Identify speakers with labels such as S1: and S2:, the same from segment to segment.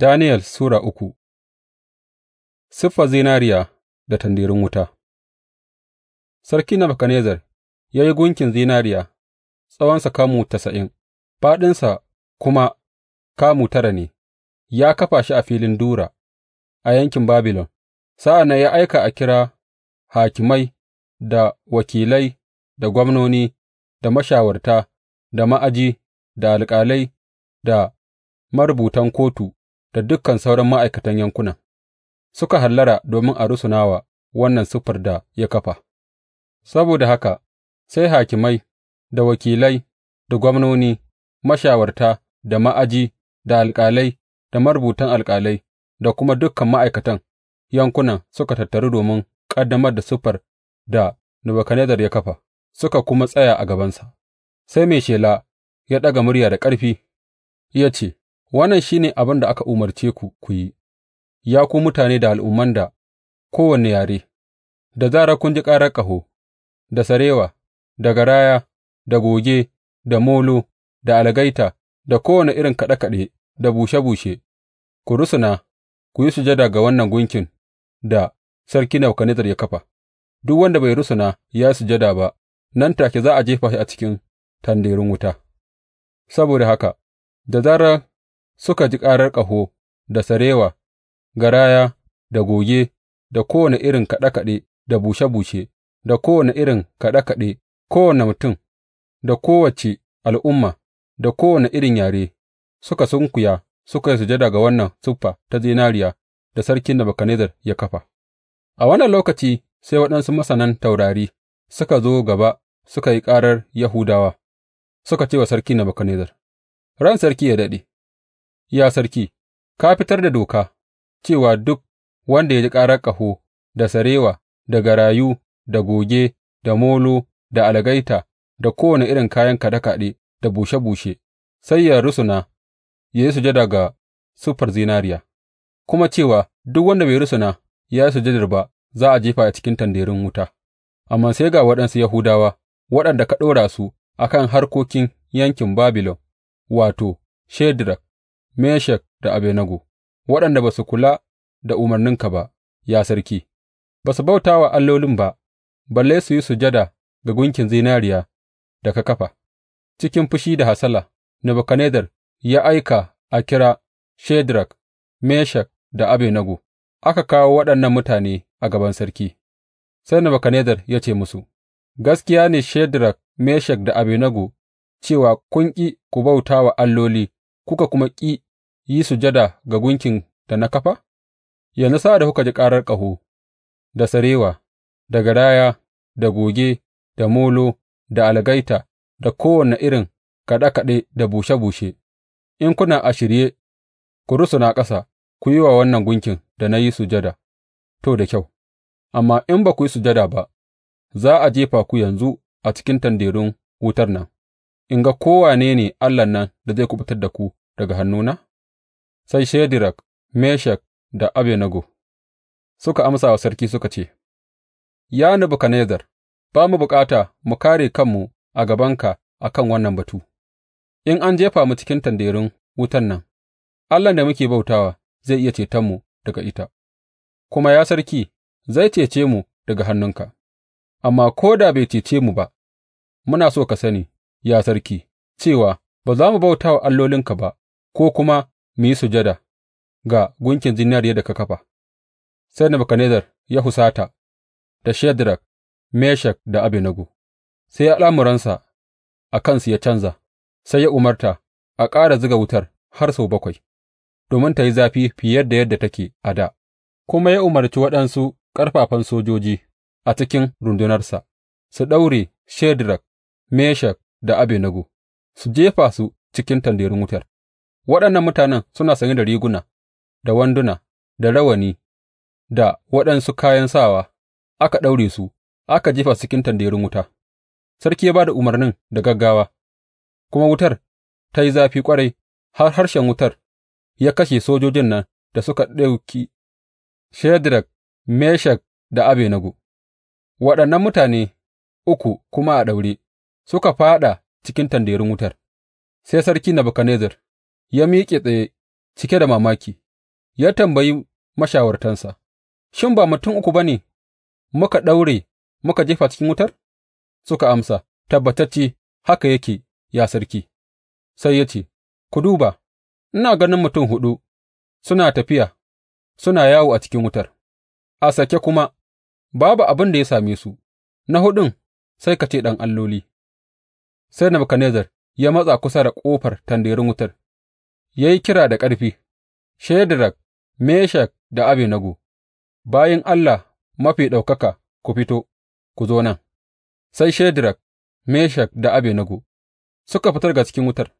S1: Daniyel Sura uku Siffar zinariya da Tandirin wuta Sarki Nebukadnezzar ya yi gunkin zinariya, tsawonsa kamu tasa'in, Faɗinsa kuma kamu tara ne, ya kafa shi a filin Dura a yankin Babilon, sa'an nan ya aika a kira hakimai da wakilai da gwamnoni da mashawarta da ma'aji da alƙalai da marubutan kotu. da dukan sauran ma'aikatan yankunan, suka hallara domin a rusuna wa wannan siffar da ya kafa, saboda haka sai hakimai da wakilai da gwamnoni, mashawarta da ma'aji da alƙalai da marubutan alƙalai da kuma dukan ma'aikatan yankunan suka tattaru domin ƙaddamar da siffar da Nebukadnezzar ya kafa, suka kuma tsaya a gabansa, sai mai shela ya ɗaga murya da ƙarfi, ya ce, Wannan shi ne abin da aka umarce ku ku yi, ya ku mutane da al'umman da kowane yare, da zarar kun ji karar ƙaho, da sarewa, da garaya, da goge, da molo, da algaita, da kowane irin kaɗe kaɗe da bushe bushe, ku rusuna, ku yi sujada ga wannan gunkin da sarki Nebukadnezzar ya kafa, duk wanda bai rusuna ya sujada ba, nan take za a jefa shi a cikin tanderun wuta. Saboda haka, da zarar suka ji ƙarar ƙaho, da sarewa, garaya, da goge, da kowane irin kaɗe kaɗe da bushe bushe, da kowane irin kaɗe kaɗe, kowane mutum, da kowace al'umma, da kowane irin yare, suka sunkuya suka yi sujada ga wannan siffa ta zinariya da sarki Nebukadnezzar ya kafa. A wannan lokaci sai waɗansu masanan taurari suka zo gaba suka yi ƙarar Yahudawa, suka ce wa sarki Nebukadnezzar, Ran sarki ya daɗe. Ya sarki, ka fitar da doka cewa duk wanda ya ji karar ƙaho da sarewa, da garayu, da goge, da molo, da algaita, da kowane irin kayan kaɗe kaɗe da bushe bushe, sai ya rusuna ya yi sujada ga siffar zinariya, kuma cewa duk wanda bai rusuna ya yi sujadar ba za a jefa a cikin tanderun wuta. Amma sai ga waɗansu Yahudawa waɗanda ka ɗora su a kan harkokin yankin Babilon, wato, Shadrak, Meshek da Abednego, waɗanda ba su kula da umarninka ba, ya sarki, ba su bauta wa allolin ba, balle su yi sujada ga gunkin zinariya da ka kafa, cikin fushi da hasala, Nebukadnezzar ya aika a kira Shadrak, Meshak da Abednego, aka kawo waɗannan mutane a gaban sarki, sai Nebukadnezzar ya ce musu, Gaskiya ne Shadrak, Meshak da Abednego cewa kun ƙi ku bauta wa alloli kuka kuma ƙi yi sujada ga gunkin da na kafa? Yanzu sa'ad da kuka ji ƙarar ƙaho, da sarewa, da garaya, da goge, da molo, da algaita, da kowane irin kaɗe kaɗe da bushe bushe, in kuna a shirye, ku rusuna ƙasa, ku yi wa wannan gunkin da na yi sujada, to da kyau, amma in ba ku yi sujada ba, za a jefa ku yanzu a cikin tanderun wutar nan, in ga kowane ne Allahn nan da zai kuɓutar da ku daga hannuna? sai Shadrak, Meshak da Abednego suka amsa wa sarki suka ce, Ya Nebukadnezzar, ba mu bukata mu kare kanmu a gabanka a kan wannan batu, in an jefa mu cikin tanderun wutan nan, Allahn da muke bautawa zai iya cetonmu daga ita, kuma ya sarki zai cece mu daga hannunka, amma ko da bai cece mu ba, muna so ka sani, ya sarki, cewa ba za mu bauta wa allolinka ba ko kuma mu yi sujada ga gunkin zinariyar da ka kafa, sai Nebuchadnezzar ya husata da Shadrach, Meshak da Abednego, sai al'amuransa a kansu ya canza, sai ya umarta a ƙara ziga wutar har sau bakwai, domin ta yi zafi fiye da yadda take a da, kuma ya umarci waɗansu ƙarfafan sojoji a cikin rundunarsa su ɗaure Shadrach, Meshak da Abednego, su jefa su cikin tanderun wutar. Waɗannan mutanen suna sanye da riguna, da wanduna, da rawani, da waɗansu kayan sawa, aka ɗaure su, aka jefa cikin tanderun wuta, sarki ya ba da umarnin da gaggawa, kuma wutar ta yi zafi ƙwarai har harshen wutar ya kashe sojojin nan da suka ɗauki Shadrak, Meshak da Abednego, waɗannan mutane uku kuma a ɗaure suka fāɗa cikin tanderun wutar, sai Sarki Nebukadnezzar. ya miƙe tsaye cike da mamaki, ya tambayi mashawartansa, Shin ba mutum uku ba ne muka ɗaure muka jefa cikin wutar? Suka amsa, Tabbatacce haka yake, ya sarki, sai ya ce, Ku duba, ina ganin mutum huɗu suna tafiya, suna yawo a cikin wutar, a sake kuma, babu abin da ya same su, na huɗun sai ka ce ɗan alloli. Sai Nebukadnezzar ya matsa kusa da ƙofar tandarin wutar ya yi kira da ƙarfi, Shadrak, Meshak da Abednego, bayin Allah Mafi Ɗaukaka, ku fito, ku zo nan, sai Shadrak, Meshak da Abednego suka fitar daga cikin wutar,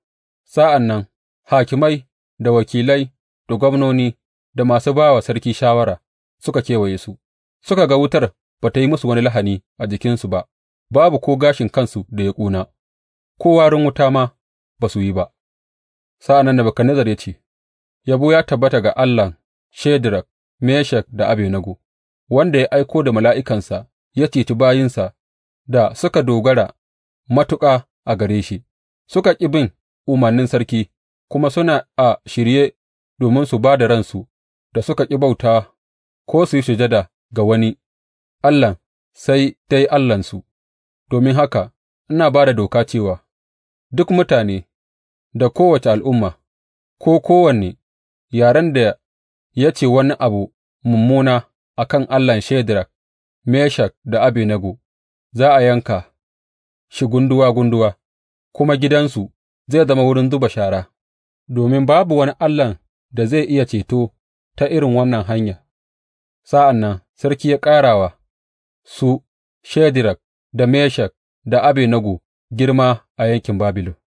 S1: sa'an nan hakimai da wakilai da gwamnoni da masu ba wa sarki shawara suka kewaye su, suka ga wutar ba ta yi musu wani lahani a jikinsu ba, babu ko gashin kansu da ya ƙuna, ko warin wuta ma ba su yi ba. Sa'an nan Nebukadnezzar ya ce, Yabo ya tabbata ga Allahn Shadrak, Meshak da Abednego, wanda ya aiko da mala'ikansa ya ceci bayinsa da suka dogara matuƙa a gare shi, suka ƙi bin umarnin sarki, kuma suna a shirye domin su ba da ransu da suka ƙi bauta ko su yi sujada ga wani allah sai dai Allahnsu, domin haka ina ba da doka cewa duk mutane da kowace al'umma ko kowane yaren da ya ce wani abu mummuna a kan Allahn Shadrak, Meshak da Abednego, za a yanka shi gunduwa gunduwa, kuma gidansu zai zama wurin zuba shara, domin babu wani Allahn da zai iya ceto ta irin wannan hanya. Sa'an nan sarki ya ƙarawa su Shadrak da Meshak da Abednego girma a yankin Babilon.